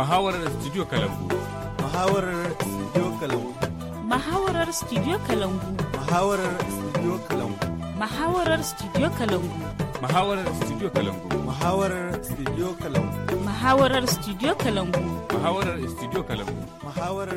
Mahawarar Studio Kalangu. Mahawarar Studio Kalangu. Mahawarar Studio Kalangu. Mahawarar Studio Kalangu. Mahawarar Studio Kalangu. Mahawarar Studio Kalangu. Mahawarar Studio Kalangu. Mahawarar Studio Kalangu. Mahawarar Studio Kalangu. studio kalangu.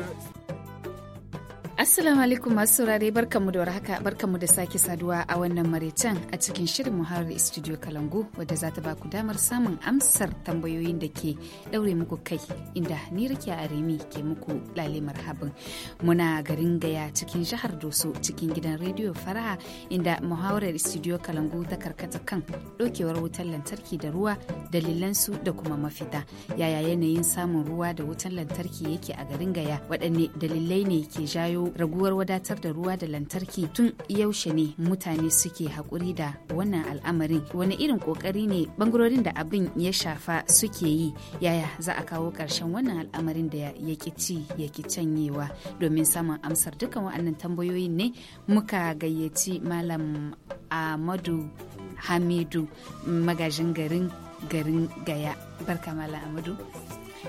Assalamu alaikum masu saurare barkanmu da warhaka barkanmu da sake saduwa a wannan maraicen a cikin shirin muharar studio Kalangu wadda za ta ba ku damar samun amsar tambayoyin da ke daure muku kai inda ni rike a remi ke muku lale marhabin muna garin gaya cikin jihar Doso cikin gidan rediyo Faraha inda muhawarar studio Kalangu ta karkata kan ɗaukewar wutar lantarki da ruwa dalilan su da kuma mafita yaya yanayin samun ruwa da wutar lantarki yake a garin gaya waɗanne dalilai ne ke jayo raguwar wadatar da ruwa da lantarki tun yaushe ne mutane suke haƙuri da wannan al'amarin wani irin ƙoƙari ne bangarorin da abin ya shafa suke yi yaya za a kawo ƙarshen wannan al'amarin da ya ci ya ki canyewa domin samun amsar dukkan wannan tambayoyin ne muka gayyaci malam amadu hamidu magajin garin garin gaya barka malam amadu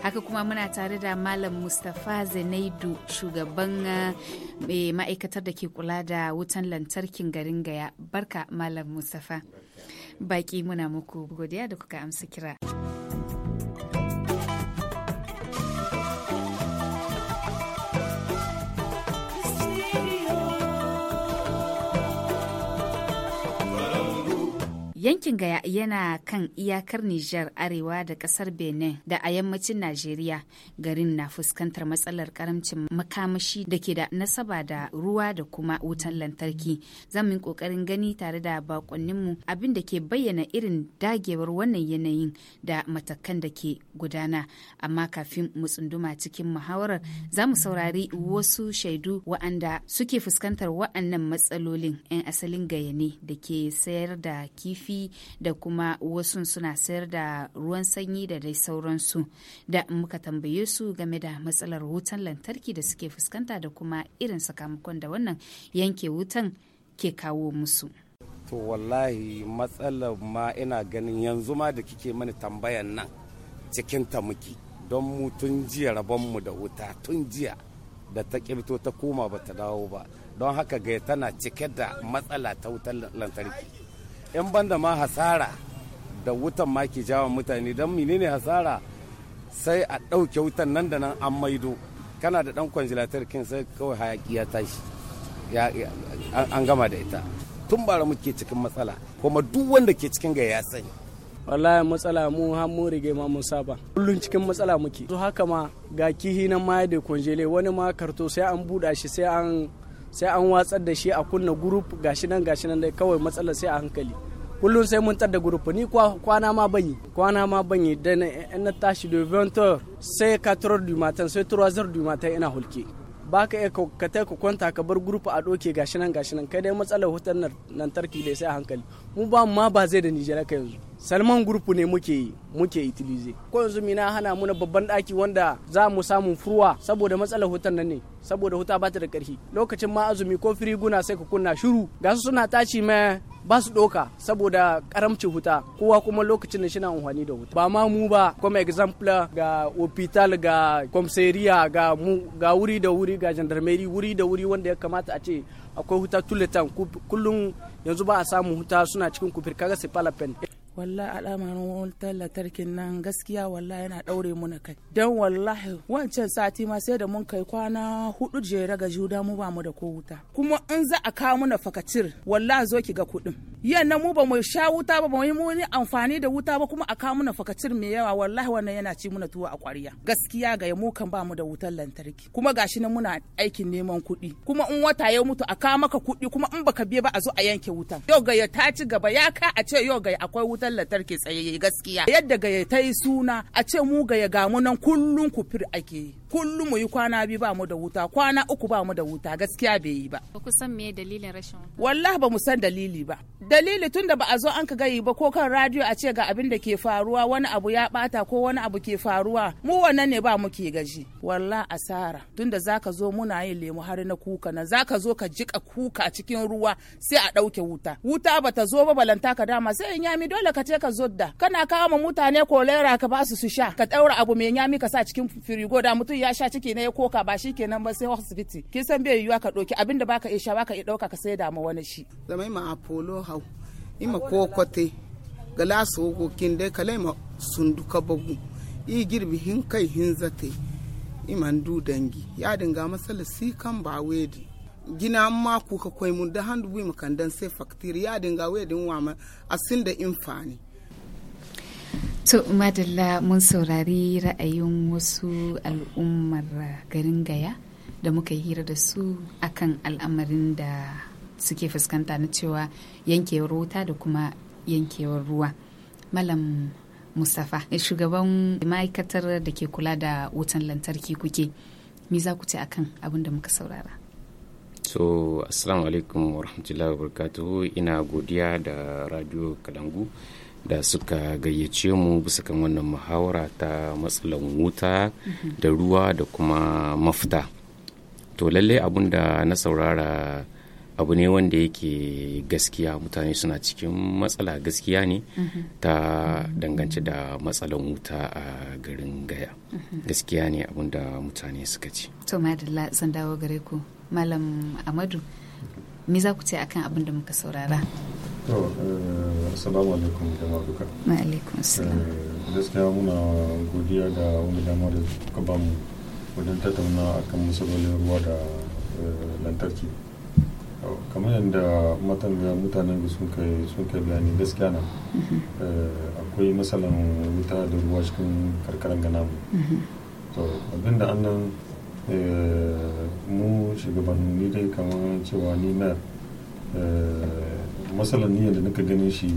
haka kuma muna tare da malam mustapha zenaidu shugaban eh, ma'aikatar da ke kula da wutan lantarkin garin gaya barka malam mustapha baki muna muku godiya da kuka amsa kira. Yankin Gaya yana kan iyakar Nijar arewa da kasar Benin da a yammacin Najeriya garin na fuskantar matsalar karamcin makamashi da ke da nasaba da ruwa da kuma wutan lantarki. Zamu yi ƙoƙarin gani tare da bakonninmu abin da ke bayyana irin dagewar wannan yanayin da matakan da ke gudana. Amma kafin mu tsunduma cikin muhawarar za mu saurari wasu shaidu wa'anda suke fuskantar wa'annan matsalolin 'yan asalin gaya ne da ke sayar da kifi kifi da kuma wasu suna sayar da ruwan sanyi da dai sauransu da muka tambaye su game da matsalar wutan lantarki da suke fuskanta da kuma irin sakamakon da wannan yanke wutan ke kawo musu. To wallahi matsalar ma ina ganin yanzu ma da kike mani tambayan nan cikin ta muke don mu tun jiya rabon mu da wuta tun jiya da ta kirto ta koma ba ta dawo ba don haka gaya tana cike da matsala ta wutan lantarki. 'yan banda ma hasara da wutan ma ke jawa mutane don menene hasara sai a ɗauke wutan nan da nan an maido kana da ɗan kwanjilatar kin sai kawai hayaki ya tashi an gama da ita tun bara muke cikin matsala kuma duk wanda ke cikin ga ya sani wallahi matsala mu har mu rige ma mun saba kullun cikin matsala muke to haka ma ga kihi nan ma da konjele wani ma karto sai an buɗa shi sai an sai an watsar da shi a kunna group gashi nan gashi nan dai kawai matsala sai a hankali kullum sai mun da group ni kwana ma banyi kwana ma banyi da na tashi da ventor sai 4 du matin sai 3 du matin ina hulke ba ka yi ka ta ka kwanta ka bar grupu a doke gashi nan gashi nan kai dai matsalar nan lantarki dai sai a hankali mu ba ma ba zai da nijera ka yanzu salman group ne muke muke itilize ko yanzu mina hana muna babban daki wanda za mu samu furwa saboda matsalar hutan nan ne saboda huta bata da karfi lokacin ma azumi ko firiguna sai ka kunna shiru gasu suna taci ma ba su doka saboda karamcin huta kowa kuma lokacin da shina amfani da huta ba ma mu ba kuma example ga hospital ga komseriya ga mu ga wuri da wuri ga gendarmerie wuri da wuri wanda ya kamata a ce akwai huta tuletan kullum yanzu ba a samu huta suna cikin kufir kaga sai palapen wallah al'amarin wutar lantarkin nan gaskiya walla yana daure mu na kai don wallahi wancan sati ma sai da mun kai kwana hudu jere ga juda mu ba mu da ko wuta kuma in za a kawo mu na fakatir wallahi zo ki ga kuɗin yannan mu ba mu sha wuta ba mu yi amfani da wuta ba kuma a kawo mu na fakatir mai yawa wallahi wannan yana ci mu na a ƙwarya gaskiya ga mu kan ba mu da wutar lantarki kuma gashi nan muna aikin neman kuɗi kuma in wata ya mutu a kawo maka kuɗi kuma in baka biya ba a zo a yanke wuta. yau ga ya ta ci gaba ya ka a ce yau ga akwai wuta wutar lantarki tsayayye gaskiya yadda gaya ta yi suna a ce mu ga ga gamu nan kullum kufir ake yi kullum mu yi kwana biyu ba mu da wuta kwana uku ba mu da wuta gaskiya bai yi ba ba ku san me dalilin rashin wuta wallahi ba mu san dalili ba dalili tunda ba a zo an ka gayi ba ko kan radio a ce ga abin da ke faruwa wani abu ya bata ko wani abu ke faruwa mu wannan ne ba muke gaji wallahi asara tunda zaka zo muna yin lemu har na kuka na zaka zo ka jika kuka a cikin ruwa sai a ɗauke wuta wuta bata zo ba balanta ka dama sai in mi dole ka ce ka zodda kana kawo ma mutane kolera ka ba su su sha ka ɗaura abu mai nyami ka sa cikin firigo da mutum ya sha ciki ne ya koka ba shi kenan ba sai hospital kin san bai yiwa ka ɗauki abin da baka iya sha baka iya dauka ka sai da ma wani shi zamai ma apollo hau ima kokote gala sokokin dai kalai ma sunduka bagu i girbi hin kai hin zate iman du dangi ya dinga masala si kan ba wedi gina ma ku ka koy mun da handu bui makan dan sai faktir ya dinga we din wa ma asin da infani to madalla mun saurari ra'ayin wasu al'ummar garin gaya da muka yi hira da su akan al'amarin da suke fuskanta na cewa yankewar wuta da kuma yankewar ruwa malam mustafa shugaban ma'aikatar da ke kula da wutan lantarki kuke me za ku ce akan abin da muka saurara so assalamu alaikum warahmatullahi wabarakatuhu ina godiya da radio kalangu da suka gayyace mu bisa kan wannan muhawara ta matsalan wuta mhm. da ruwa da kuma mafita to lallai abun da na saurara abu ne wanda yake gaskiya mutane suna cikin matsala gaskiya ne mhm. ta dangance da matsalan wuta a garin gaya mhm. gaskiya ne abun da mutane suka ce to madalla zan dawo gare ku malam amadu me za ku ce akan abin da muka saurara to eh, assalamu alaikum jama'a duka wa alaikum assalam eh, gaskiya muna godiya da wani dama da kuka ba mu wajen tattauna akan musulolin ruwa da eh, lantarki kamar yadda mutanen da sun kai sun kai bayani gaskiya na mhm. akwai matsalan wuta da ruwa cikin karkaran gana mu mhm. to abinda Eh, mu shugabanni dai kamar cewa ni na eh, matsalar niyyar da nuka ganin shi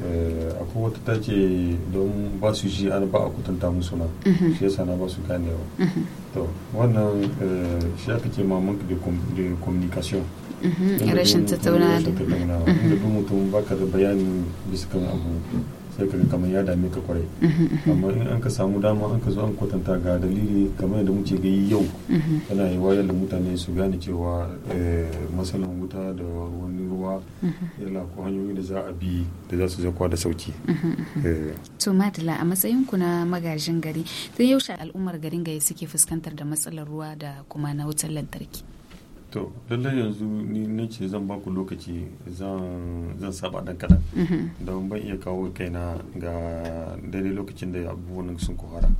eh, akwai wata ta ce don ba su ji an ba a kutanta musu na mm-hmm. shi yasa na ba su ganewa mm-hmm. to wannan shi aka ce maman da communication mm-hmm. rashin tattaunawa da duk mutum baka da bayani bisa kan abu sai ka kamar ya dame ka kwarai amma in an ka samu dama an ka zo an kwatanta ga dalili kamar yadda muke yi yau yana yi wayar da mutane su gane cewa eh, masalan wuta da wani ruwa yana ko hanyoyi da za a bi da za su kwa da sauki eh. to madala a matsayin ku na magajin gari tun yaushe al'ummar garin gaya suke fuskantar da matsalar ruwa da kuma na wutar lantarki to lallai yanzu ni nake zan baku lokaci zan saba dan kada mm-hmm. don ban iya kawo kaina ga daidai lokacin da abubuwan sun kuhara.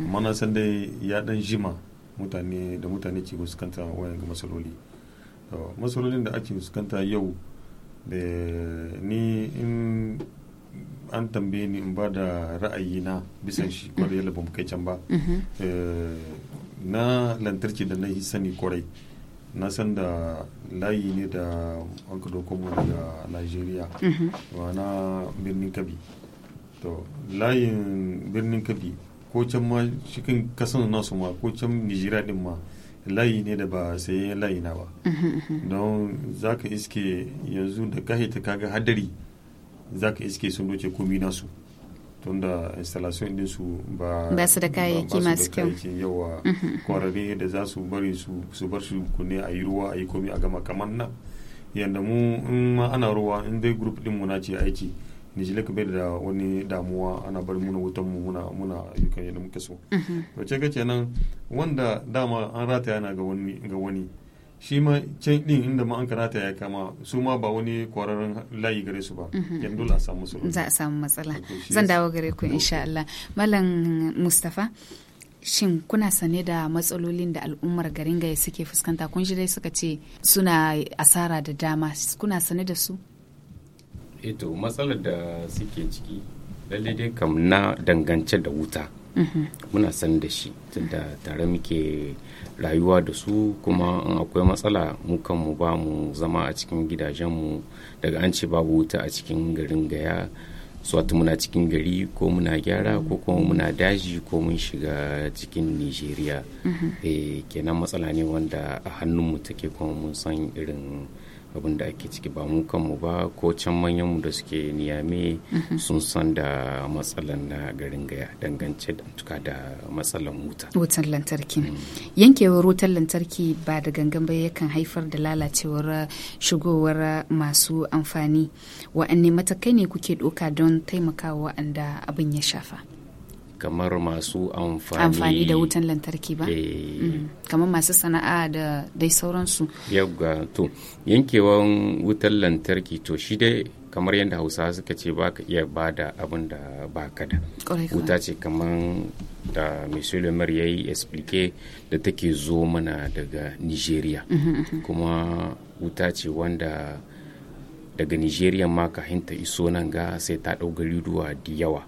mana mm-hmm. san dai ya dan jima mutane da mutane ke fuskanta wayan ga matsaloli matsalolin da ake fuskanta yau da ni in an tambaye ni in ba da ra'ayi na bisan shi mm-hmm. kwarai yalla ba mu kai can ba eh, na lantarki da na yi sani kwarai na san da layi ne da aka doko mu daga nigeria mhm. na birnin kabi to layin birnin kabi ko can ma cikin kasan nasu ma ko can nigeria din ma layi ne da ba sai layi na ba mhm, mhm. don za ka iske yanzu da ta kaga hadari za ka iske sun doce komi nasu tunda installation din su ba ba su da kayayyaki masu kyau yawa mhm. kwararre da za su bari su bar su kunne a yi ruwa ayi yi komi a gama kamar nan yadda mu in ma ana ruwa in dai group din mu na ce aiki nijilek bai da wani damuwa ana bar muna wutan mu muna muna ayyukan yadda muke so mhm. to ce wanda dama an rataya na ga wani ga wani shi ma can din inda ma an karata ya kama su ma ba wani kwararren layi gare su ba yan mhm. dole a samu matsala za a samu matsala zan dawo gare ku insha Allah malam Mustafa shin kuna sane da matsalolin da al'ummar garin gaya suke fuskanta kun shi dai suka ce suna asara da dama kuna sane da su eto eh matsalar da suke ciki lalle dai kam na dangance da wuta muna san da shi tunda tare muke rayuwa da su kuma an akwai matsala mu kanmu ba mu zama a cikin gidajenmu daga an ce babu wuta a cikin garin gaya suwatu muna cikin gari ko muna gyara ko kuma muna daji ko mun shiga cikin nigeria mm-hmm. eh, kenan matsala ne wanda a hannunmu take kuma mun san irin abin da ake ciki ba mu kanmu ba ko can manyanmu da suke niyame mhm. sun san da matsalan na garin gaya dangance da da matsalan wuta wutan lantarki mm. yankewar wutar lantarki ba da gangan ba yakan haifar da lalacewar shigowar masu amfani wa'anne matakai ne kuke doka don taimakawa wa'anda abin ya shafa kamar masu amfani da wutan lantarki ba eh. mm-hmm. kamar masu sana'a da dai sauransu to yankewan wutan lantarki to shi dai kamar yadda hausa suka ce ba ka iya ba da abin da ba ka da wuta ce kamar da musulmar ya yi esplike da take zo mana daga nigeria mm-hmm, mm-hmm. kuma wuta ce wanda daga nigeria ma kahin ta iso nan ga sai ta ɗau garuruwa da yawa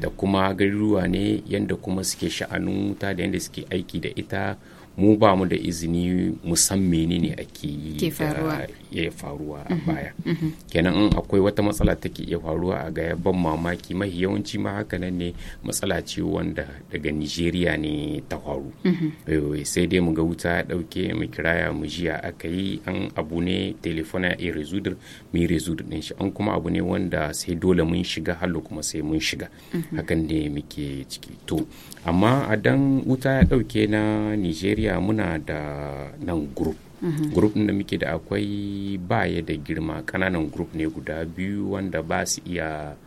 da kuma garuruwa ne yadda kuma suke sha'anu wuta da yadda suke aiki da ita mu ba mu da izini mu san menene ake yi iya faruwa a mhm, baya mhm. kenan in akwai wata matsala take iya faruwa a gaya ban mamaki mahi yawanci ma haka nan ne matsala ce wanda daga nigeria ne ta faru mhm. eh, sai dai mu ga wuta ya dauke mu kiraya mu jiya aka yi an abu ne telefona a rezudur mu rezudur din shi an kuma abu ne wanda sai dole mun shiga hallo kuma sai mun shiga hakan ne muke ciki to amma a dan wuta ya dauke na nigeria muna da nan group Mhm. group da muke da akwai baya da girma kananan group ne guda biyu wanda ba su iya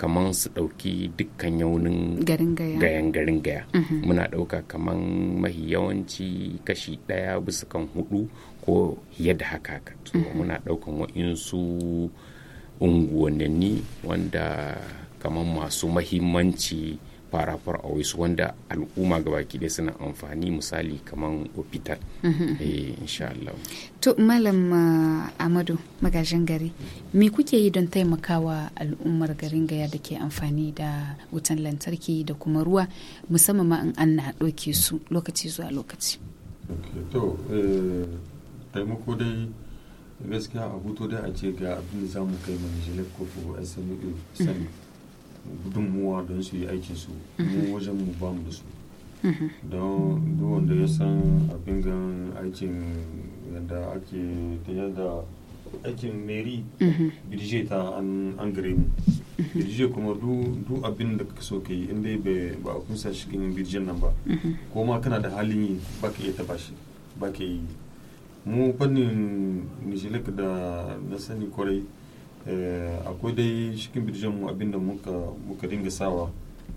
kaman su ɗauki dukkan yaunin gayan garin gaya mhm. muna ɗauka kaman mahi yawanci kashi ɗaya bisa kan hudu ko yadda haka mhm. muna ɗaukan wa'insu unguwanni wanda kaman masu mahimmanci farafar a wasu wanda al'umma ga baki ɗaya suna amfani misali kamar hospital mm-hmm. eh insha Allah to malam uh, Amadu magajin gari me kuke yi don taimakawa al'ummar garin gaya da ke amfani da wutan lantarki da kuma ruwa musamman ma in an na ɗauke su lokaci zuwa lokaci to eh, taimako dai gaskiya a buto dai a ce ga abin da za mu kai mana jilai ko smu gudunmuwa don su yi aikin su mu mhm. wajen mu ba mu da su mhm. don duk wanda ya san abin gan aikin yadda ake ta yadda aikin meri birje mhm. ta an gare mu birje kuma du abin da ka so ka yi inda ba a kunsa cikin birjen nan ba ko ma kana da halin yi ba ka iya taba shi ba ka yi mu fannin nishilik da na sani kwarai Eh, akwai dai cikin mu abinda muka muka dinga sawa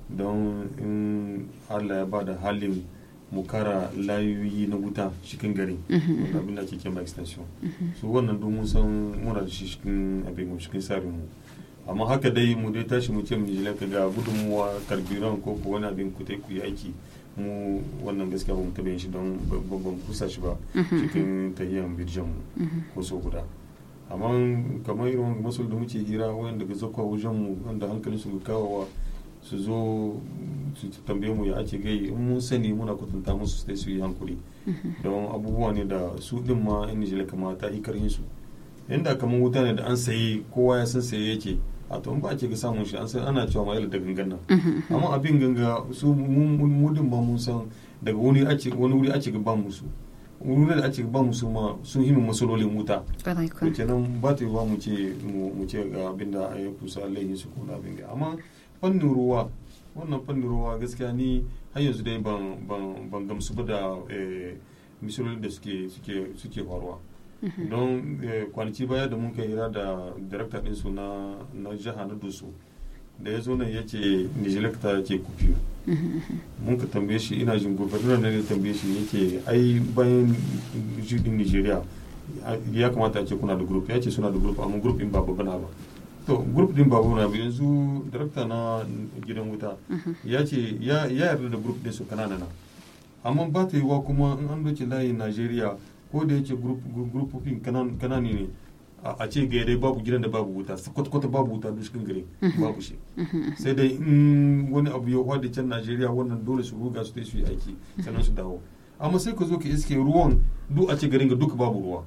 don in allah ya ba da halin mukara layoyi na wuta cikin gari mhm. abin da ake kema extension mhm. su wannan domin san mura da shi cikin abin cikin tsarin mu amma haka dai mu dai tashi mu ce mu ji ka ga gudunmuwa karbiran ko ko wani abin ku ku yi aiki mu wannan gaskiya ba mu taɓa yin shi don babban kusa shi ba mhm. cikin tahiyan birjan ko so guda amma kamar irin masul da muke gira wanda ga zakwa wajen mu wanda hankalin su kawawa su zo su tambaye mu ya ake gai in mun sani muna kwatanta musu sai su yi hankuri mhm. don abubuwa ne da su din ma in nijila kamata yi karhin su inda kamar wuta ne da an sayi kowa ya san saye yake a to ba ke ga samun shi an san ana cewa ma yalla da gangan mhm, mhm. amma abin ganga su mu din ba mun san daga wani wuri ake ga ba musu wurin da ake ba ma sun himin masalolin wuta da kenan ba ta yiwuwa mu ce mu ce ga abin da ya kusa laihin su kuna abin da amma fannin ruwa wannan fannin ruwa gaskiya ni har yanzu dai ban gamsu ba da eh, misalolin da suke faruwa mhm. don eh, kwanaki baya da mun kai hira da darakta su na jiha na dusu da ya zo nan ya ce nijilekta ya ce kufiyu mun ka tambaye shi ina jin da ne tambaye shi yake ai bayan jirgin nigeria ya kamata a ce kuna da group ya ce suna da group amma group din ba babana ba to group din babu babana ba yanzu darakta na gidan wuta ya ce ya yarda da group din su kanana na amma ba ta yiwa kuma in an doce layin nigeria ko da yake group group kanan ne a ce gare babu gidan da babu wuta su kwata-kwata babu wuta duk cikin gari mhm. babu shi mhm. sai dai in wani abu ya hwada can najeriya wannan dole su ruga su su yi aiki sannan su dawo amma sai ka zo ka iske ruwan duk a ce garin ga duka babu ruwa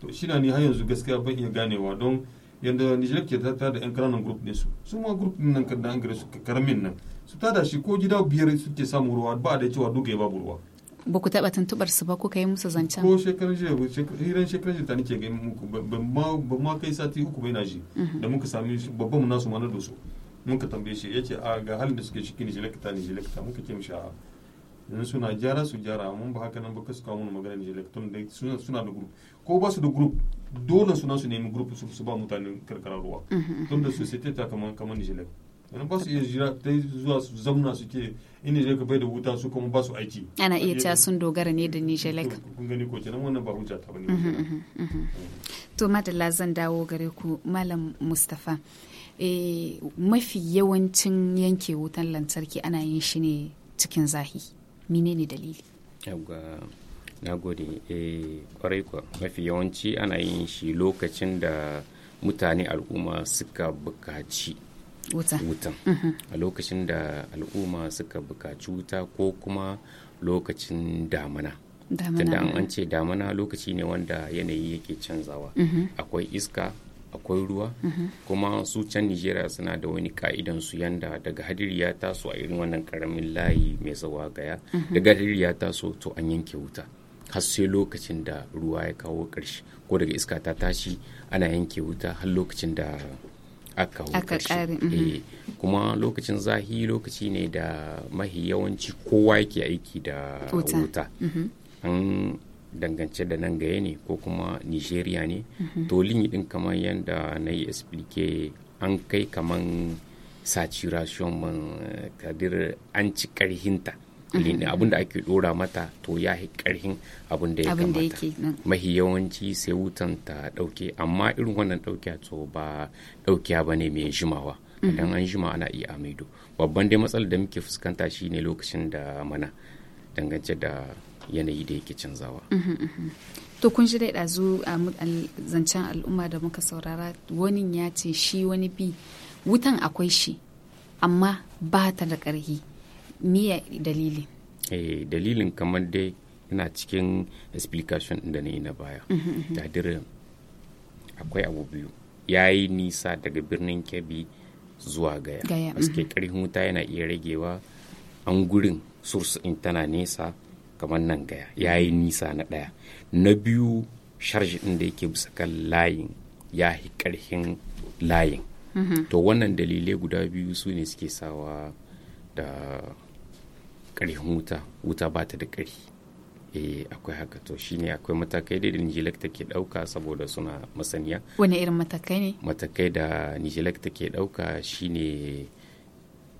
to shi na ni har yanzu gaskiya ban iya ganewa don yadda nijar ke ta da yan kananan grup ne su su ma din nan kan da an gare su karamin nan su tada shi ko gida biyar suke samun ruwa ba da cewa duka ya babu ruwa ba ku taɓa tuntuɓar su ba kuka yi musu zancen ko shekaran jiya hiran shekaran jiya ta nike ga muku ba ma kai sati uku bai na ji mhm. da muka sami babban nasu mana na doso muka tambaye shi yace a ga halin da suke ciki ni jelekta ni jelekta muka ce mishi a yanzu suna gyara su gyara mun ba haka nan ba kasu kawo mun magana ni jelekta da suna da group ko ba su da group dole suna su nemi group su ba mutanen karkara ruwa mhm. tunda society ta kaman kaman ni jelekta don ba su iya jira ta zuwa su zamna suke inda zai bai da wuta su kuma ba su aiki ana iya cewa sun dogara ne da nijelek kun gani ko kenan wannan ba hujja ta bane mhm, mhm, mhm. to madalla zan dawo gare ku malam mustafa eh mafi yawancin yanke wutan lantarki ana yin shi ne cikin zahi menene dalili yawwa na gode eh kwarai kwa mafi yawanci ana yin shi lokacin da mutane al'umma suka bukaci wutan mhm. a lokacin da al'umma suka bukaci wuta ko kuma lokacin damana tunda an ce damana lokaci ne wanda yanayi yake canzawa mhm. akwai iska akwai ruwa mhm. kuma su can nigeria suna da wani ka'idan su yanda daga hadiri ya taso a irin wannan karamin layi mai zawa gaya daga hadiri ya taso to an yanke wuta har sai lokacin da ruwa ya kawo ƙarshe ko daga iska ta tashi ana yanke wuta har lokacin da aka hukashi mhm. eh, kuma lokacin zahi lokaci ne da mahi yawanci kowa yake aiki da wuta mhm. an dangance da nan gaya ne ko kuma nigeria ne mhm. to linyi din kamar yadda na yi esplike an kai kaman saturation man eh, kadir an ci karhinta ne mm-hmm. abin da ake dora mata to ya yi karhin abin da ya kamata mm. mahi yawanci sai wutan ta ɗauke amma irin wannan daukiya to ba daukiya ba ne mai jimawa mm-hmm. idan an jima ana iya amido babban dai matsalar da muke fuskanta shi shine lokacin da mana dangance da yanayi da yake canzawa mm-hmm, to kun shi dai ɗazu a zancen al'umma da muka saurara wani ya ce shi wani bi wutan akwai shi amma ba ta da ƙarhi miye dalili eh dalilin kamar dai yana cikin explication da na na baya tadirin mhm, mhm, mhm. akwai abu biyu ya yi nisa daga birnin kebbi zuwa gaya suke karfin wuta yana iya ragewa an gurin source in tana nesa kamar nan gaya ya yi nisa na ɗaya na biyu sharji ɗin da yake bisa kan layin ya yi ƙarfin layin to wannan dalilai guda biyu su ne suke sawa da ƙarfin wuta wuta ba ta da ƙarfi eh akwai haka to shine akwai matakai da nijilek take ɗauka saboda suna masaniya wani irin matakai ne matakai da nijilek take ɗauka shine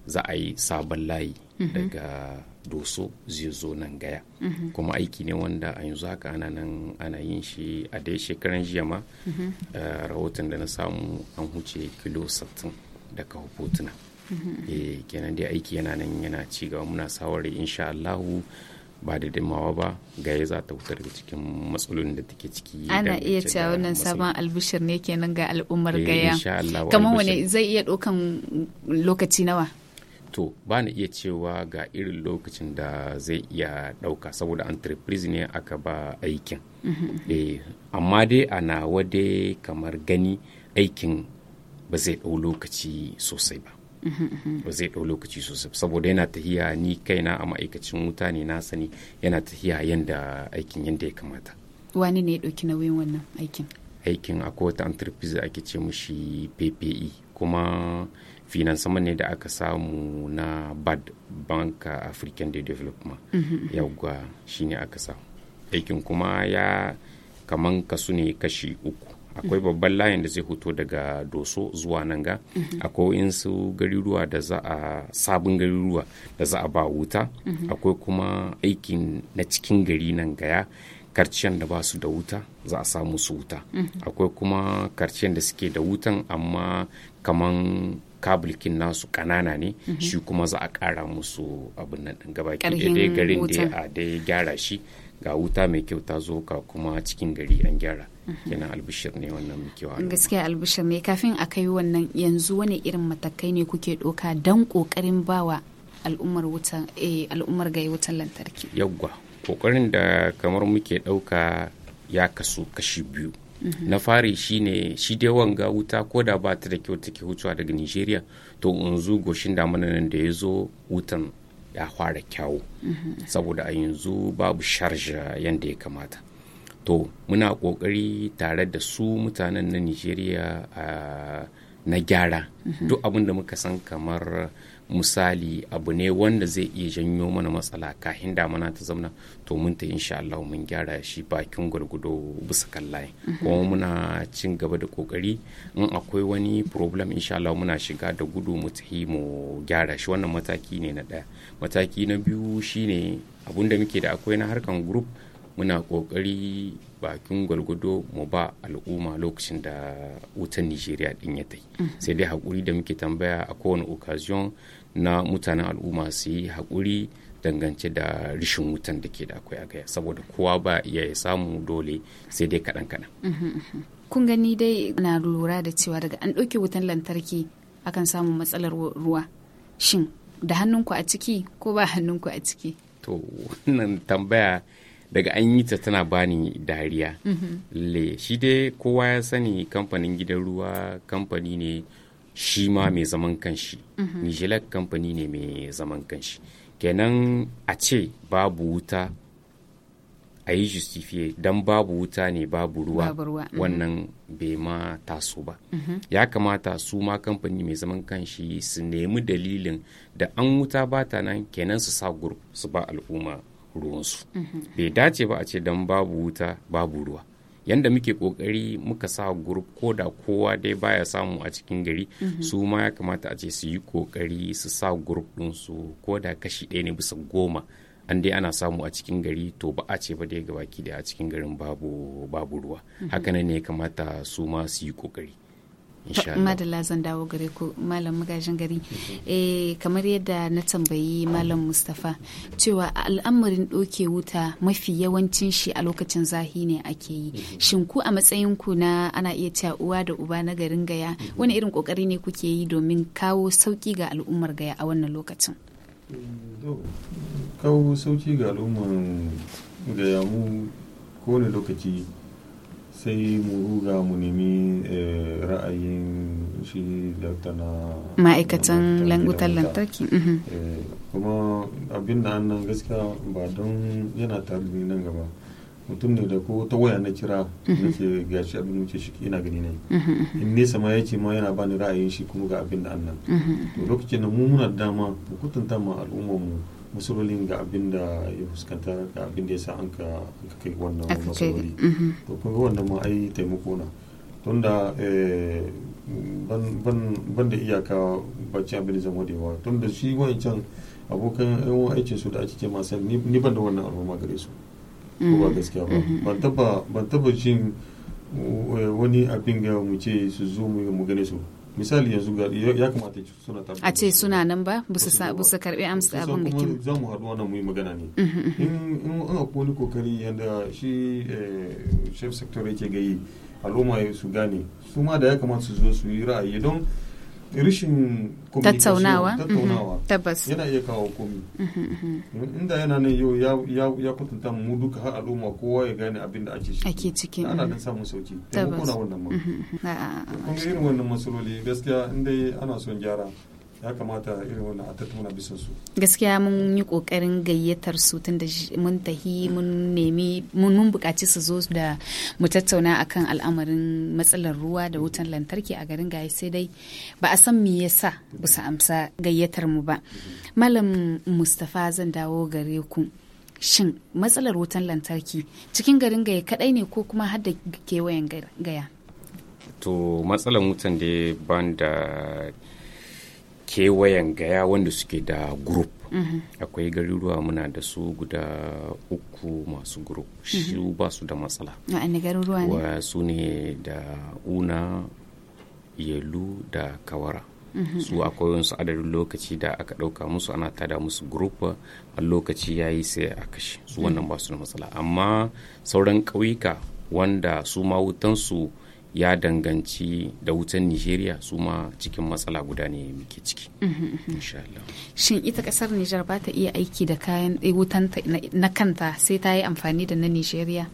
za a yi sabon layi mhm. daga doso zai zo nan gaya mhm. kuma aiki ne wanda a yanzu haka ana nan ana yin shi a dai shekaran jiya ma mhm. eh, rahoton da na samu an huce kilo 60 daga hotuna Eh, kenan dai aiki yana nan yana ci gaba muna sawari insha Allahu ba da dimawa ba ya za ta wutar daga cikin matsalolin da take ciki ana iya cewa wannan sabon albishir ne kenan ga al'ummar eh, gaya kamar wani zai iya ɗaukan lokaci nawa to ba na iya cewa ga irin lokacin da zai iya ɗauka saboda entreprise ne aka ba aikin mhm. eh, amma dai a nawa dai kamar gani aikin ba zai ɗau lokaci sosai ba ba zai ɗau lokaci sosai saboda yana tahiya ni kaina a ma'aikacin wuta ne na sani yana tahiya yanda aikin yanda ya kamata wani ne ya ɗauki nauyin wannan aikin aikin akwai wata entreprise ake ce mushi ppe kuma finansaman ne da aka samu na bad banka african day development mm-hmm. yauwa shine aka samu aikin kuma ya kaman kasu ne kashi uku akwai babban layin da zai fito daga doso zuwa nan ga mhm. akwai in su gariruwa da za a sabon gariruwa da za a ba wuta mhm. akwai kuma aikin na cikin gari nan gaya karciyan da ba su da wuta za a samu su wuta mhm. akwai kuma karciyan da suke da wutan amma kaman kabulkin nasu kanana ne shi kuma za a kara musu abin nan gabaki da dai garin da a gyara shi ga wuta mai kyau ta zo ka kuma cikin gari an gyara kenan albishir ne wannan mukewa gaskiya albishir ne kafin a kai wannan yanzu wani irin matakai ne kuke doka don kokarin bawa al'ummar wutan eh, al'ummar gai wutan lantarki yagwa kokarin da kamar muke dauka ya kasu kashi biyu mhm. na fari shine shi dai wanga wuta ko da ba ta da kyau take hutuwa daga nigeria to unzu goshin damanan da ya zo wutan ya fara kyawu saboda a yanzu babu sharja yadda ya kamata to muna kokari tare da su mutanen na nigeria na gyara duk abin da muka san kamar misali abu ne wanda zai iya janyo mana matsala kahin mana ta zamana to mun ta insha Allah mun gyara shi bakin gwargwado bisa kallaye kuma muna cin gaba da kokari in akwai wani problem insha Allah muna shiga da gudu mu tahi mu gyara shi wannan mataki ne na daya mataki na biyu shine abun da muke da akwai na harkan group muna kokari bakin gwalgwado mu ba al'umma lokacin da wutan nigeria din ya tai mm. sai dai haƙuri da muke tambaya a kowane occasion na mutanen al'umma su yi haƙuri dangance da rishin wutan da ke da akwai a gaya saboda kowa ba iya ya samu dole sai dai kaɗan kaɗan mm-hmm, mm-hmm. kun gani dai na lura da cewa daga an ɗauke wutan lantarki akan samu matsalar ruwa shin da hannunku a ciki ko ba hannunku a ciki to wannan tambaya daga an yi ta tana bani dariya mhm. le shi dai kowa ya sani kamfanin gidan ruwa kamfani ne shi ma mai zaman kanshi mhm. Nijilak kamfani ne mai zaman kanshi kenan a ce babu wuta a yi justifiye don babu wuta ne babu ruwa mm-hmm. wannan bai ma taso ba mm-hmm. ya kamata su ma kamfani mai zaman kanshi su nemi dalilin da an wuta ba ta nan kenan su sa gurb su ba al'umma ruwansu mm-hmm. bai dace ba a ce don babu wuta babu ruwa yanda muke kokari muka sa guruf ko da kowa dai baya samu a cikin gari su ma ya kamata a ce su yi kokari su sa gurb din su ko da kashi ɗaya ne bisa goma an dai ana samu a cikin gari to ba a ce ba dai ga baki da a cikin garin babu babu ruwa mhm. haka ne ya kamata su ma su yi kokari madalla zan dawo gare ku malam magajin gari mhm. eh, kamar yadda na tambayi malam mustafa cewa al'amarin ɗoke wuta mafi yawancin shi a lokacin zahi ne ake yi mhm. shin ku a matsayin ku na ana iya cewa uwa da uba na garin gaya wani irin kokari ne kuke yi domin kawo sauki ga al'ummar gaya a wannan lokacin kawo sauki ga al'umman gayamu mu kowane lokaci sai mu ruga mu nemi eh, ra'ayin shi da na ma'aikatan langutan lantarki mhm. eh, kuma abin da nan gaskiya ba don yana tare nan gaba mutum ne da ko ta waya na kira mhm. nake gashi abin da muke shi ina gani ne mhm, mhm. in nesa ma ce ma yana bani ra'ayin shi kuma ga abin da annan to lokacin na mu muna dama mu kutunta ma al'ummar mu musulolin ga abin da ya fuskanta ga abin da ya sa an ka kai wannan masaloli to kun ga wannan ma ai taimako na don da eh, ban da iyaka bacci abin da zama da tun da shi wancan abokan yan aikin su da ake ce masu ni ban da wannan al'umma gare su ko ba mm-hmm. gaskiya ba mm-hmm. ban taba ban taba jin eh, wani abin ga mu ce su zo mu mu gane su misali yanzu ga ya kamata suna tabbata a ce suna nan ba bu su karbi amsa abin da kin za mu haɗu wannan mu yi magana ne mm-hmm, in an an wani kokari yanda shi eh, chef sector yake yi al'umma su gane su ma da ya kamata su zo su yi ra'ayi don rishin tattaunawa mm-hmm. tabbas yana iya kawo komi mm-hmm, mm-hmm. inda yana nan yau ya kwatanta mu duka har al'umma kowa ya gane abin da ake ake ciki ana dan samun sauki tabbas kuna wannan ma ah, ah, ah. kuma irin wannan masaloli gaskiya inda ana son gyara ya kamata irin wannan a tattauna bisan su gaskiya mun yi kokarin gayyatar su tun da mun tahi mun nemi mun bukaci su zo da mu tattauna akan al'amarin matsalar ruwa da wutan lantarki a garin gaye sai dai ba a san me yasa ba su amsa gayyatar mu ba malam mustafa zan dawo gare ku shin matsalar wutan lantarki cikin garin gaya kadai ne ko kuma har kewayen gaya to matsalar wutan da ban da kewayen gaya wanda suke da group mhm. akwai garuruwa muna da su guda uku masu group shi mhm. ba su da matsala garuruwa ne su ne da una yelu da kawara mhm. su akwai wasu adadin lokaci da aka ɗauka musu ana tada musu group a lokaci ya yi sai a kashi su wannan ba su da matsala amma sauran ƙauyuka wanda su mawutansu su ya danganci da wutan nigeria su ma cikin matsala guda ne muke ciki mm-hmm. shin ita kasar nijar ba ta iya aiki da kayan eh, wutan na kanta sai ta yi amfani da na nigeria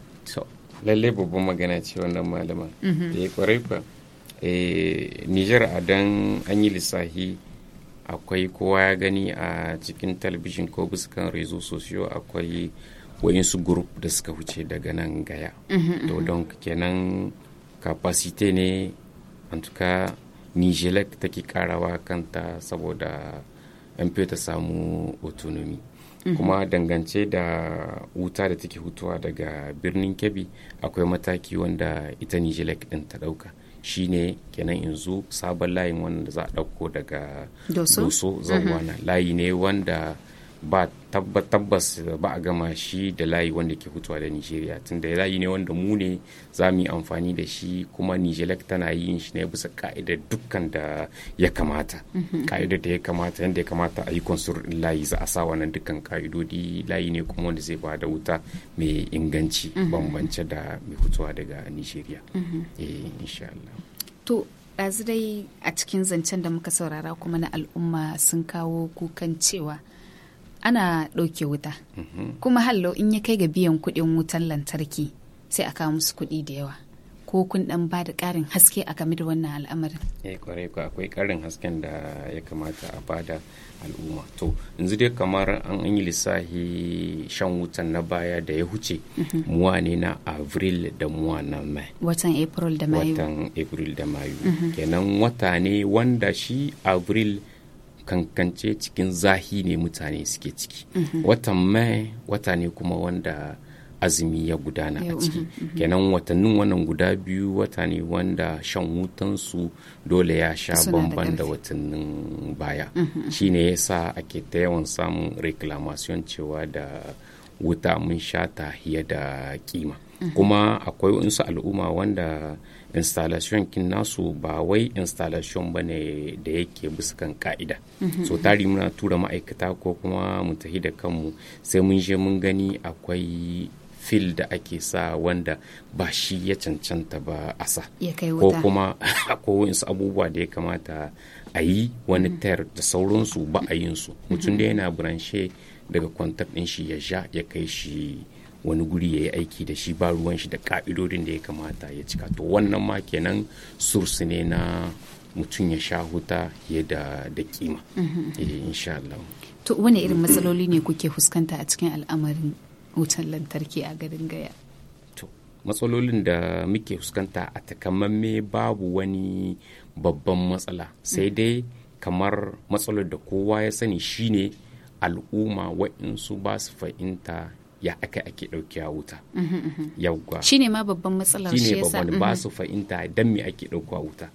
lallai babban magana ce wannan malama da mm-hmm. ya eh, kwarai fa eh, nijar a dan an yi lissahi akwai kowa ya gani a cikin talabijin ko kan rezo sosiyo akwai wayansu gurup da suka wuce daga nan gaya mm-hmm, to don kenan kapasite ne an tuka nijelek take karawa kanta saboda an ta samu autonomy mhm. kuma dangance da wuta da take hutuwa daga birnin kebbi akwai mataki wanda ita nijilek din ta dauka shine kenan yanzu sabon layin wanda za a dauko daga doso zanwana na mhm. layi ne wanda ba tabbas ba a gama shi da layi wanda ke hutuwa da nigeria tunda layi ne wanda mu ne za mu yi amfani da shi kuma nigelec tana yin shi ne bisa ka'idar dukkan da ya kamata mhm. ka'idar da ya kamata yadda ya kamata a yi konsur layi za a sa wannan dukkan ka'idodi layi ne kuma wanda zai ba da wuta mai inganci mhm. bambance da mai hutuwa daga nigeria mhm. eh insha dai a cikin zancen da muka saurara kuma na al'umma sun kawo kukan cewa ana ɗauke wuta kuma hallo in ya kai ga biyan kuɗin wutan lantarki sai a kawo musu kuɗi da yawa ko kun ɗan ba da ƙarin haske a game da wannan al'amarin eh kwarai ko akwai ƙarin hasken da ya kamata a bada al'umma to yanzu dai kamar an yi lissafi shan wutan na baya da ya huce mhm. muwa ne na avril da muwa na mai watan april da mayu watan april da mayu mhm. kenan wata ne wanda shi avril kankance cikin zahi ne mutane suke ciki watan mai wata ne kuma wanda azumi ya gudana a ciki mhm, mhm. kenan watannin wannan guda biyu wata ne wanda shan wutansu dole ya sha bamban da watannin baya mhm, shine yasa ake ta yawan samun reclamation cewa da wuta mun sha ta da kima kuma akwai wasu al'umma wanda installation kin nasu ba wai installation ba ne da yake bisa kan ka'ida mhm. so tari muna tura ma'aikata ko kuma mu tafi da kanmu sai mun je mun gani akwai fil da ake sa wanda ba shi ya cancanta ba a sa ko kuma ko wasu abubuwa da ya kamata a yi wani mhm. tayar da sauransu ba a yin su mhm. mutum da yana branche daga kwantar din shi ya sha ya kai shi wani guri ya yi aiki da shi ba ruwan shi da ka'idodin da ya kamata ya cika to wannan ma kenan sursu ne na mutum ya sha huta ya da kima mm-hmm. eh, insha Allah to wani irin matsaloli ne kuke fuskanta a cikin al'amarin wutar lantarki a garin gaya to matsalolin da muke fuskanta a takamamme babu wani babban matsala sai dai kamar matsalar da kowa ya sani shine al'umma wa'insu ba su fahimta ya aka ake ɗauki a wuta mhm, mhm. yawwa ne ma babban matsalar shi yasa babban ba mhm. su fahimta dan me ake ɗauko a wuta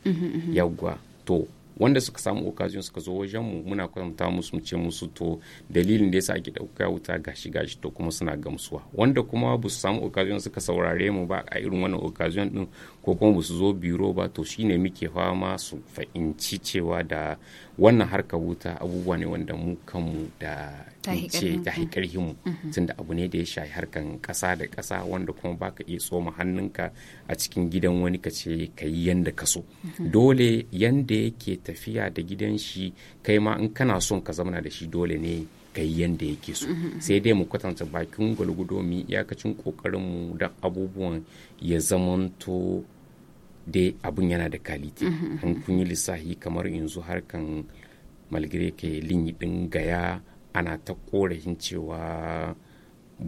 yawwa to wanda suka samu occasion suka zo wajen mu muna kwanta musu mu ce musu to dalilin da yasa ake ɗauka wuta gashi gashi to kuma suna gamsuwa wanda kuma ba su samu occasion suka saurare mu ba a irin wannan occasion din ko kuma ba su zo biro ba to shine muke fama su fahimci cewa da wannan harka wuta abubuwa ne wanda mu kanmu da ce ta yi mm-hmm. tunda abu ne da ya shayi harkan ƙasa da ƙasa wanda kuma baka iya tsoma hannunka a cikin gidan wani ka ce ka yi yanda ka so mm-hmm. dole yanda yake tafiya da gidan shi kai ma in kana son ka zamana da shi dole ne ka yi yanda yake so mm-hmm. sai dai mu kwatanta bakin gwalgwado mu iyakacin kokarin mu da abubuwan ya zamanto dai abun yana da kalite an kun yi lissafi kamar yanzu harkan malgire ke linyi din gaya ana ta korafin cewa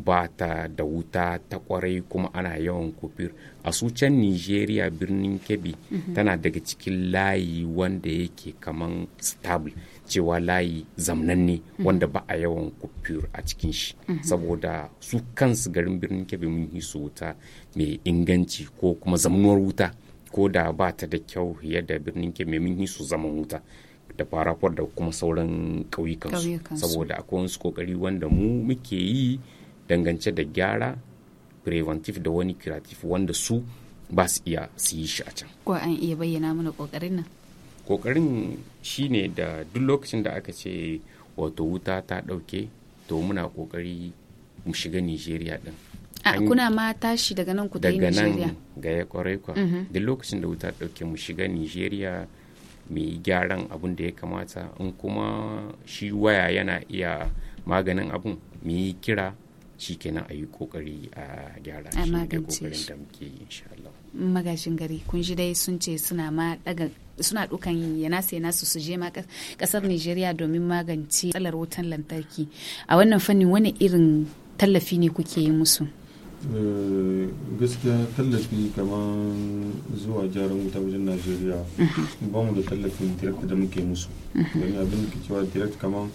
ba ta da wuta ta kwarai kuma ana yawan kofir a sucan can nigeria birnin kebbi mhm. tana daga cikin layi wanda yake kaman stable cewa layi zamnanne mhm. wanda ba a yawan kofir a cikin shi mhm. saboda su kansu garin birnin kebbi mun yi su wuta mai inganci ko kuma zamanuwar wuta ko da ba ta da kyau fiye da birnin kebbi mun yi su zaman wuta da farafar da kuma sauran ƙauyukansu saboda akwai wasu ƙoƙari wanda mu muke yi dangance da gyara preventive da wani curative wanda su ba su iya su yi shi a can ko an iya bayyana mana ƙoƙarin nan ƙoƙarin shine da duk lokacin da aka ce wato wuta ta ɗauke to muna ƙoƙari mu shiga nigeria din a kuna ma tashi daga nan ku ta yi nigeria daga nan ga ya kwarai kwa duk lokacin da wuta ta ɗauke mu shiga nigeria mai gyaran abin da ya kamata in kuma shi waya yana iya maganin abin mu yi kira shi kenan a yi kokari a gyara shi da kokarin da muke yi insha Allah magashin gari kun ji dai sun ce suna ma daga suna dukan yana sai nasu su je ma kasar Nigeria domin magance tsalar wutan lantarki a wannan fannin wani irin tallafi ne kuke yi musu Eh, gaskiya tallafi kamar zuwa jarin wuta wajen najeriya mhm. ba mu da tallafin direct da muke musu mhm. don abin da ke cewa direct kamar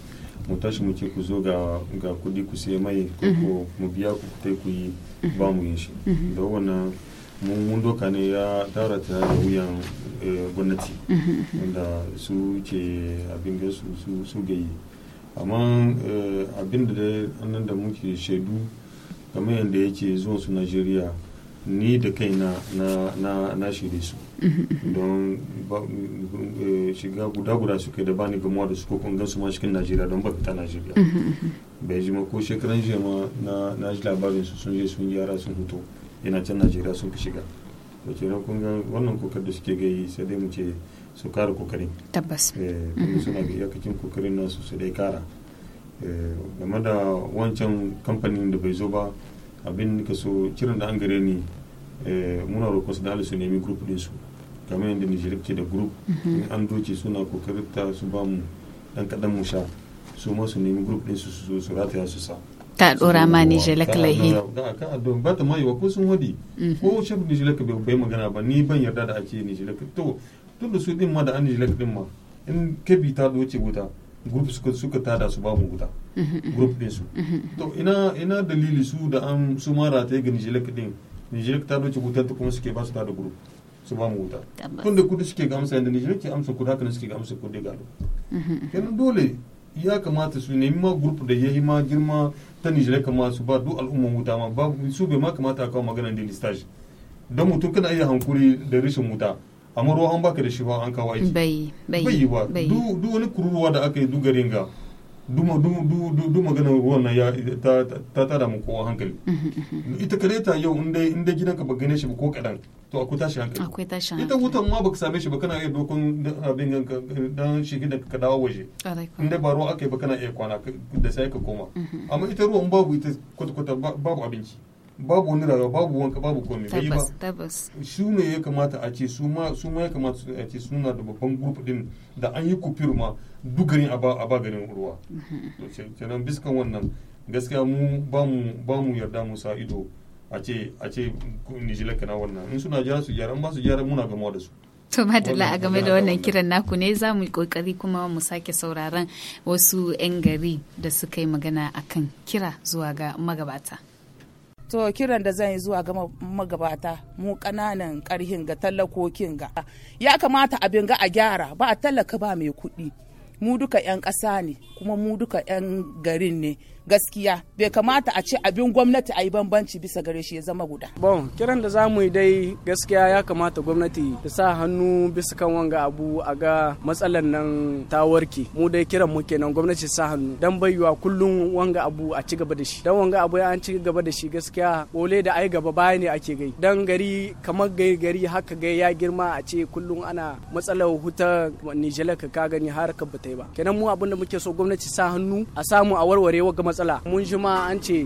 mu tashi mu ku zo ga kudi ku sai mai mhm. ko mu biya ku kutai ku yi ba mu yin shi da wannan mun doka ne ya tara ta da wuyan eh, gwamnati wanda su ke abin da su gayi amma eh, abin da da muke shaidu kamar yadda yake zuwan su najeriya ni da kaina na na na shirye su mm-hmm. don eh, shiga guda guda suke da bani gamuwa da su ko kun gansu ma cikin najeriya don ba fita najeriya mm-hmm, mm-hmm. bai ji ma ko shekaran jiya ma na na ji labarin su sun je sun yara sun fito yana can najeriya sun fi shiga da ke kun ga wannan kokar da suke gayi sai dai mu ce su kara kokarin tabbas eh suna ga iyakacin kokarin nasu su dai kara Eh, game da wancan kamfanin da bai zo ba abin ka so kiran da an gare ni eh, muna roƙon su da su nemi group din su game da nigeria ke da group mhm. in an doke suna kokarin ta su ba mu dan kaɗan mu sha su ma su nemi group din su su su rataya su sa ta dora ma nigeria lahi ka adon ba ta mai wa ko sun hodi mhm. ko shaf nigeria bai magana ba ni ban yarda da ake nigeria to tun da su din ma da an nigeria din ma in kebi ta doce wuta group suka suka tada su babu guda group din su to ina ina dalili su da an su mara ta ga nijilek din nijilek ta doce gutar ta kuma suke ba su tada group su ba mu wuta tun da kudi suke ga amsa yadda nijelak ke amsa kudi haka suke ga amsa kudu gado kenan dole ya kamata su nemi ma group da yayi ma girma ta nijelak ma su ba duk al'umman wuta ma babu su bai ma kamata a kawo maganar da listage don mutum kana iya hankuri da rashin wuta amma ruwa an baka da shi ba an kawo aiki bai bai bai ba duk wani kururuwa da aka yi duk garin ga duk maganar ruwan nan ta tada mu kowa hankali mm-hmm, mm-hmm. ita kare ta yau in dai gidanka ba gane shi ba ko kadan to akwai tashi hankali akwai tashi hankali ita wutan ma baka same shi ba kana iya dokon abin dan shi gidanka ka dawo waje in dai ba ruwa aka yi ba kana iya kwana da sai ka koma mm-hmm. amma ita ruwan babu ita kwata-kwata babu abinci babu wani rayuwa babu wanka babu komai bai ba tabbas su ne ya kamata a ce su ma ya kamata a ce suna da babban group din da an yi kufir ma duk garin a ba garin ruwa to kenan biskan wannan gaskiya mu ba mu mu yarda mu sa ido a ce a ce nijila kana wannan in suna jara su jara in ba su jara muna gama da su To madalla a game da wannan kiran naku ne za mu yi kokari kuma mu sake sauraron wasu 'yan gari da suka yi magana akan kira zuwa ga magabata. to kiran da zan yi zuwa ga magabata mu kananan karhin ga talakokin ga ya kamata abin ga a gyara ba a talaka ba mai kuɗi mu duka 'yan ƙasa ne kuma mu duka 'yan garin ne gaskiya bai kamata a ce abin gwamnati a yi bambanci bisa gare shi ya zama guda. Bon, kiran da za mu yi dai gaskiya ya kamata gwamnati ta sa hannu bisa kan wanga abu a ga matsalar nan ta warke. Mu dai kiran mu kenan gwamnati sa hannu dan baiwa kullum wanga abu a ci gaba da shi. Dan wanga abu an ci gaba da shi gaskiya bole da ai gaba baya ne ake gai. Dan gari kamar gai gari haka gai ya girma a ce kullum ana matsalar huta jalaka ka gani har ka bata yi ba. Kenan mu abin da muke so gwamnati sa hannu a samu a warware wa matsala mun shi ma an ce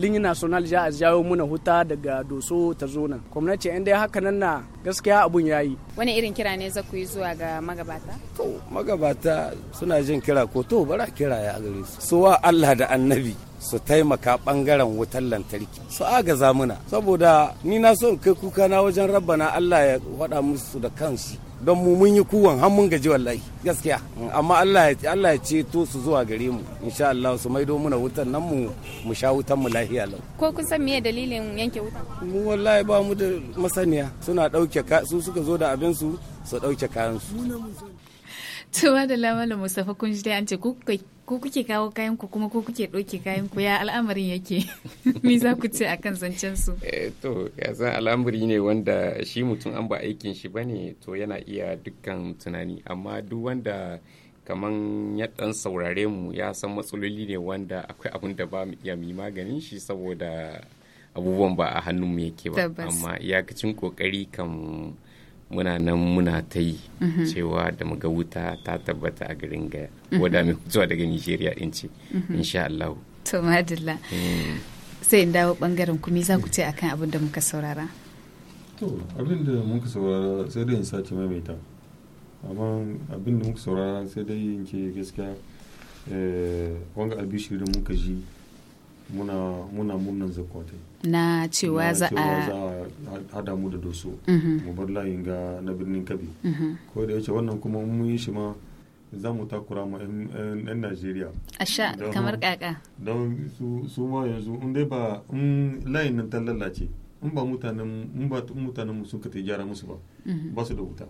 linyi national ja a jawo muna huta daga doso ta zo nan gwamnati in dai haka nan na gaskiya abun ya yi wani irin kira ne za ku yi zuwa ga magabata to magabata suna jin kira ko to bara kira ya gare su wa allah da annabi su taimaka bangaren wutar lantarki su ga zamuna. saboda ni na so in kai kuka na wajen rabbana allah ya wada musu da kansu don mu mun yi kuwan har mun gaji wallahi gaskiya amma Allah ya Allah ya ceto su zuwa gare mu insha Allah su maido muna wutan nan mu mu sha wutan mu lafiya lau ko kun san me dalilin yanke wutan mu wallahi ba mu da masaniya suna dauke su suka zo da abin su su dauke kayan su to da lamarin Mustafa kun ji dai an ce ku ko kuke kawo kayan ku kuma ko kuke ɗauke kayan ku ya al'amarin yake me za ku ce akan zancen su eh to ya san al'amari ne wanda shi mutum an ba aikin shi bane to yana iya dukkan tunani amma duk wanda kaman ya dan saurare mu ya san matsaloli ne wanda akwai abun da ba mu iya mi maganin shi saboda abubuwan ba a hannun mu yake ba amma iyakacin kokari kan muna nan muna ta yi mhm. cewa da muga wuta ta tabbata a garin gaya wadda mhm. mai zuwa daga nigeria in ce mhm. insha Allah. to madalla mm. sai in dawo bangaren kuma za ku ce akan abin da muka saurara to abin da muka saurara sai dai in sace maimaita amma abin da muka saurara sai dai in ce gaskiya eh, wanga albishirin muka ji muna muna murnan zakwate na cewa za a hada mu da doso mhm. mu bar layin ga na birnin kabi mhm. ko da yace wannan kuma mun yi shi ma za mu takura ma 'yan najeriya asha kamar kaka don su ma yanzu in dai ba layin nan ta lalace in ba mutanen mu sun ka gyara musu ba mhm. ba su da wuta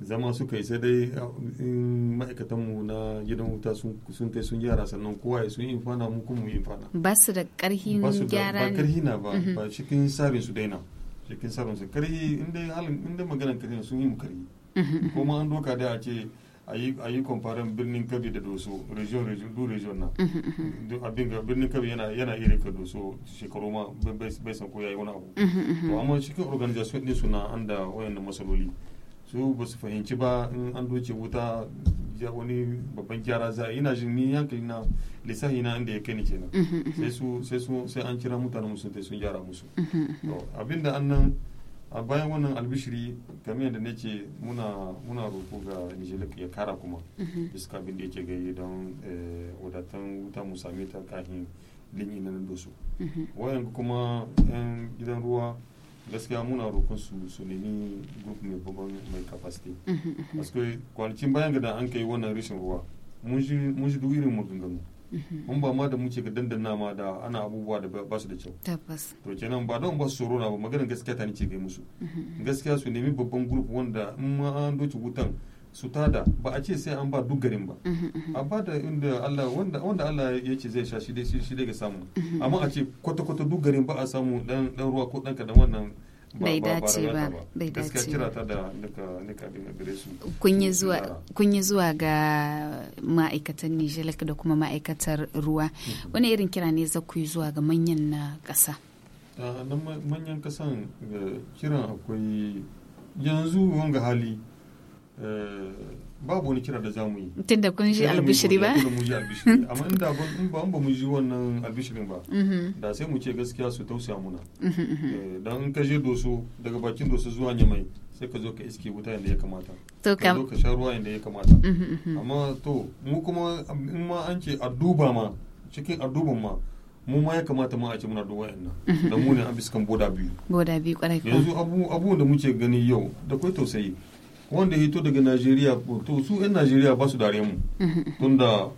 zama suka yi sai dai in ma'aikatanmu na gidan wuta sun tai sun gyara sannan kowa ya sun infana mu kuma yi infana ba su da karhin gyara ba karhi na ba mm-hmm. ba cikin sabin su daina cikin sabin su karhi inda halin inda maganar karhi sun yi mu karhi mm-hmm. kuma an doka da a ce a yi kwamfaran birnin kabi da doso region region du region na mm-hmm, abin ga birnin kabi yana yana iri ka doso shekaru ma bai san ko yi wani abu to amma cikin organization din suna an da wayannan masaloli su ba su fahimci ba in an doce wuta wani babban gyara za ina jin ni hankali na lissahi na inda ya kai ni kenan mm-hmm, mm-hmm. sai su sai an kira mutane musu sai sun gyara musu mm-hmm, abinda annan a bayan wannan albishiri kamar yadda nake muna muna roƙo ga nijelik ya kara kuma iska abin da yake gai don eh, wadatan wuta mu same ta kafin linyi na dosu wayan kuma yan gidan ruwa gaskiya muna roƙon su su nemi group mai babban mai capacity mm-hmm, mm-hmm. paske kwanakin bayan da an kai wannan rashin ruwa mun ji duk irin maganganu mm-hmm. mun ba ma da muke ga dandana ma da ana abubuwa da ba su da kyau tabbas to kenan ba don ba su tsoro na ba maganar gaskiya ta ni ce gai musu gaskiya su nemi babban group wanda in ma an doki wutan su tada ba a ce sai an ba duk garin ba a ba da inda Allah wanda wanda Allah ya ce zai sha shi dai shi dai ga samu amma a ce kwata kwata duk garin ba a samu dan dan ruwa ko dan kadan wannan bai dace ba bai dace ba ta da nika nika bin kun yi zuwa kun yi zuwa ga ma'aikatan Nijar da kuma ma'aikatar ruwa wani irin kira ne za ku yi zuwa ga manyan na ƙasa ah, nan manyan kasan eh, kiran akwai yanzu wanga hali Eh, babu wani kira da za mu yi tun da kun ji albishiri ba amma inda in ba ba mu ji wannan albishirin ba mhm. da sai mu ce gaskiya su tausaya muna mhm, mhm. Eh, dan in ka je doso daga bakin doso zuwa nyamai sai ka zo ka iske wuta inda ya kamata ka zo ka sha ruwa inda ya kamata amma to mu kuma in ma an ce a duba ma cikin a ma mu ma ya kamata ma a ce muna da wa'annan da mu ne an biskan boda biyu boda biyu kwarai yanzu abubuwan da muke gani yau da kwai tausayi wanda hito daga najeriya to su 'yan najeriya ba su dare mu tunda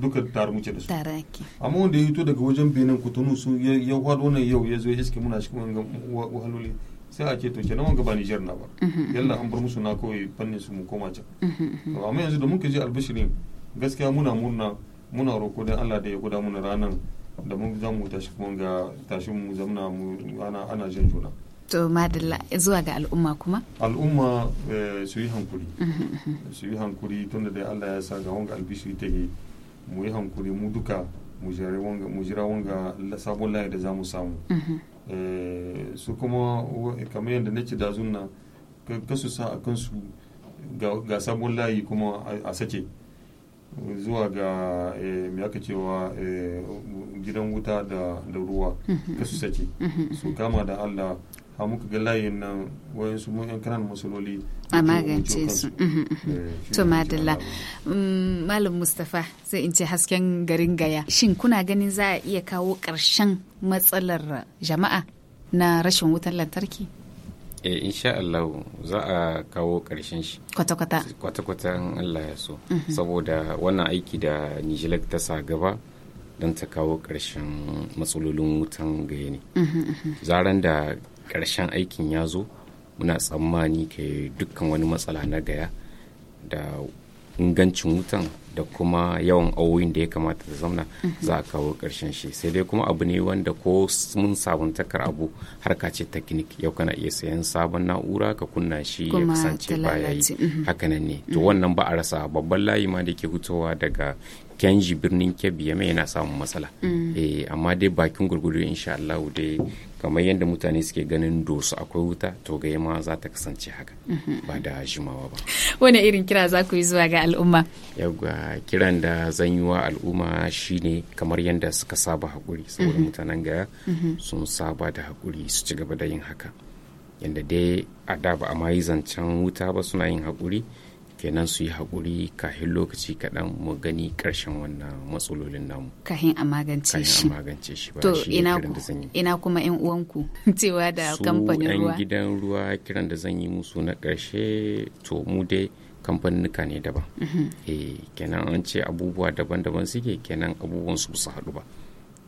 duka tare muke da su amma wanda hito daga wajen benin kutunu su ya hwado wannan yau ya zo iske muna cikin wani wahaloli sai a ce to kenan wanga ba Niger na ba yalla an bar musu na kawai fannin su mu koma can amma yanzu da muka je albishirin gaskiya muna murna muna roko dan Allah da ya guda muna ranan da mun za mu tashi kuma ga tashin mu zamna mu ana ana jin juna to madalla zuwa ga al'umma kuma al'umma eh, su yi hankuri mm-hmm, mm-hmm. su yi hankuri tunda da allah ya sa ga wanga albishiri ta yi mu yi hankuri mu duka mu jira wanga sabon layi da za mu samu mm-hmm. eh, su kuma kamar yadda na ci da zunna ka su sa a kansu ga sabon layi kuma a sake zuwa ga eh, mai aka cewa gidan wuta da ruwa ka su sake su kama da allah a muka ga layin nan wayansu mun yan kanan matsaloli a magance su mhm, mhm, mhm. Eh, to madalla mm, malam mustafa sai in ce hasken garin gaya shin kuna ganin za a iya kawo ƙarshen matsalar jama'a na rashin wutar lantarki eh insha Allah za a kawo ƙarshen shi kwata-kwata kwata-kwata in Allah ya so saboda wannan aiki da Nijilak ta sa gaba don ta kawo ƙarshen matsalolin wutan gaya ne zaran da karshen aikin ya zo muna tsammani ke dukkan wani matsala na gaya da ingancin wutan da kuma yawan awoyin da ya kamata ta zamna mhm. za a kawo ƙarshen shi sai dai kuma abu ne wanda ko mun sabuntakar abu harka ce teknik yau kana iya sayan sabon na'ura ka kunna shi ya kasance baya yi mhm. hakanan ne to mhm. wannan ba a rasa babban layi ma da ke hutowa daga kenji birnin kebbi ya yana samun matsala mm. eh, amma dai bakin gurgudu insha Allah dai kamar yadda mutane suke ganin dosu akwai wuta to ga ma za ta kasance haka mhm. ba da jimawa ba wani irin kira za ku yi zuwa ga al'umma yauwa kiran da zan yi wa al'umma shine kamar yadda suka saba haƙuri saboda mhm. mutanen gaya mhm. sun saba da haƙuri su ci gaba da yin haka yadda dai a da ba a ma yi zancen wuta ba suna yin haƙuri. kenan su yi haƙuri kahin lokaci kaɗan mu gani ƙarshen wannan matsalolin namu kahin a magance shi kahin a magance shi ba shi ina, kiran ina kuma yan uwanku cewa da kamfanin ruwa su gidan ruwa kiran da zan yi musu na ƙarshe to mu dai kamfanuka ne daban mhm. eh kenan an ce abubuwa daban-daban suke kenan abubuwan su su haɗu ba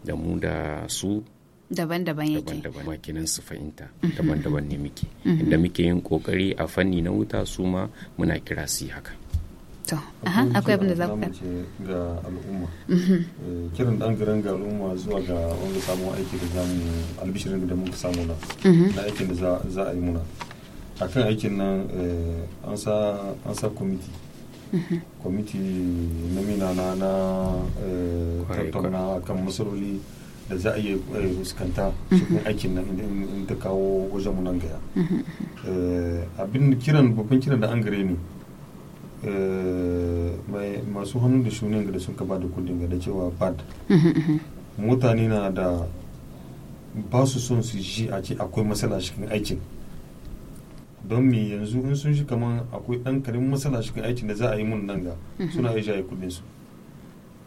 da mu da su daban-daban yake daban-daban kenan su fahimta daban-daban ne muke inda muke yin kokari a fanni na wuta su ma muna kira su haka to aha akwai abin da za ku ga al'umma mhm. eh, kirin dan garan ga al'umma zuwa ga wanda samu aiki da zamu albishirin da muka samu na mhm. na aikin da za a yi muna akan aikin nan eh, an sa an sa committee mhm. kwamiti na mina na na eh, tattauna kan masaroli da za a iya fuskanta cikin mhm. aikin nan in ta kawo wajen mu nan gaya mhm, mhm. Eh, abin kiran babban kiran da an gare ne eh, masu hannu da shunin da sun ba da kudin da cewa bad mutane na da ba su son su ji a ce akwai matsala cikin aikin don me yanzu in sun shi kamar akwai ɗan karin matsala cikin aikin da za a yi mun nan ga suna iya jaye kudin su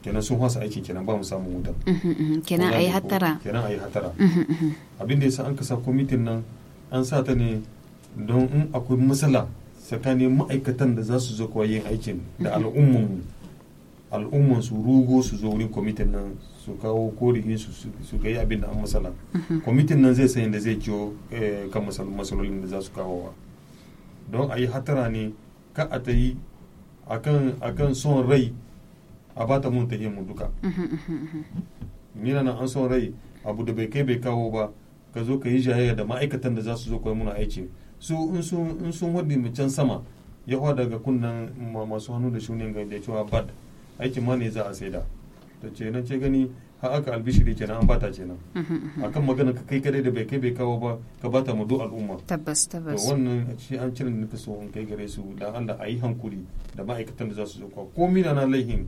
kenan sun hwasa aiki kenan ba mu samu wuta mhm, mhm. kenan ayi hatara kenan ayi hatara mhm, abin da yasa an kasa kwamitin nan an sa ta ne don in akwai matsala tsakanin ma'aikatan da za su zo kuwa yin aikin da al'umman al'umman su rugo su zo wurin kwamitin nan su kawo korihin su su ga abin da an matsala kwamitin nan zai san da zai ciwo eh, kan matsalolin da za su kawo wa don a yi hatara ne ka a ta yi akan son rai a ba ta mun ta mu duka mina uhuh, uhuh, uhuh. na an son rai abu da bai kai bai kawo ba ka zo ka yi jayayya da ma'aikatan da za su zo koyi muna aiki su in sun wadda mu can sama ya hawa daga kunnan masu hannu da shunin ga da cewa bad aikin ma ne za a saida ta ce na ce gani har aka albishiri kenan an bata kenan akan magana ka kai kadai da bai kai bai kawo ba ka bata mu duk al'umma tabbas tabbas to wannan shi an cire nufi so in kai gare su da Allah a yi hankuri da ma'aikatan da za su zo ko mina na laihin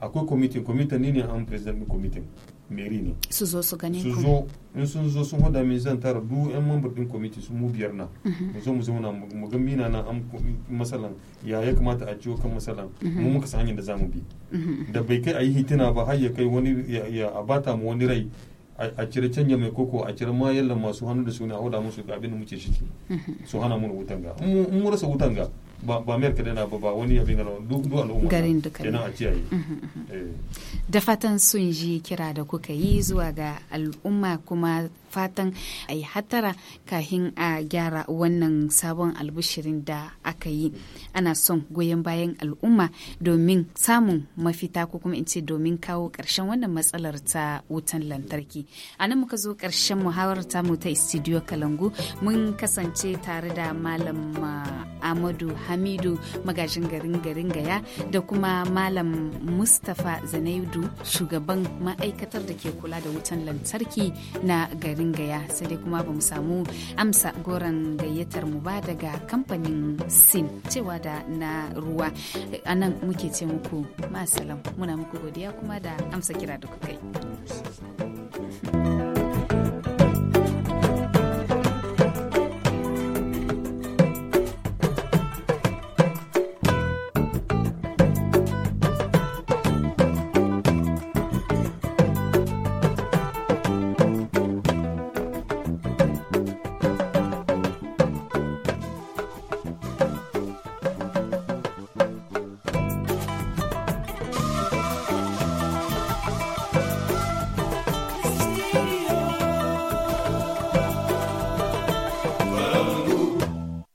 akwai kwamitin kwamitin ni ne an president kwamitin meri ne su zo su gane su zo in sun zo sun hoda min zan tara duk yan mambar din kwamiti su mu biyar na mhm. mu zo mu zauna mu ga mina na an masalan ya ya kamata a ciwo kan masalan mhm. mu muka san hanyar da zamu bi mhm. da bai kai a yi hitina ba har ya kai wani ya abata mu wani rai a cire canja mai koko a cire ma yalla masu hannu da suna hoda musu ga abin da muke shi su hana mu wutan ga mu rasa wutan ga ba mayar kadai na ba ba wani abin gano duk al'umma garin duka yana a yi mm-hmm, mm-hmm. eh. da fatan sun ji kira da kuka yi zuwa ga al'umma kuma fatan a yi hatara kahin a gyara wannan sabon albishirin da aka yi ana son goyon bayan al'umma domin samun mafita ko kuma in ce domin kawo ƙarshen wannan matsalar ta wutan lantarki a nan muka zo ƙarshen muhawarar mu ta studio kalangu mun kasance tare da malam ah, amadu hamidu magajin garin garin gaya da kuma malam mustapha zanaidu shugaban ma'aikatar da ke kula da wutan lantarki na garin garin gaya sai dai kuma ba mu samu amsa goron gayyatar mu ba daga kamfanin sin cewa da na ruwa a nan muke ce muku masalam muna muku godiya kuma da amsa kira da kuka yi.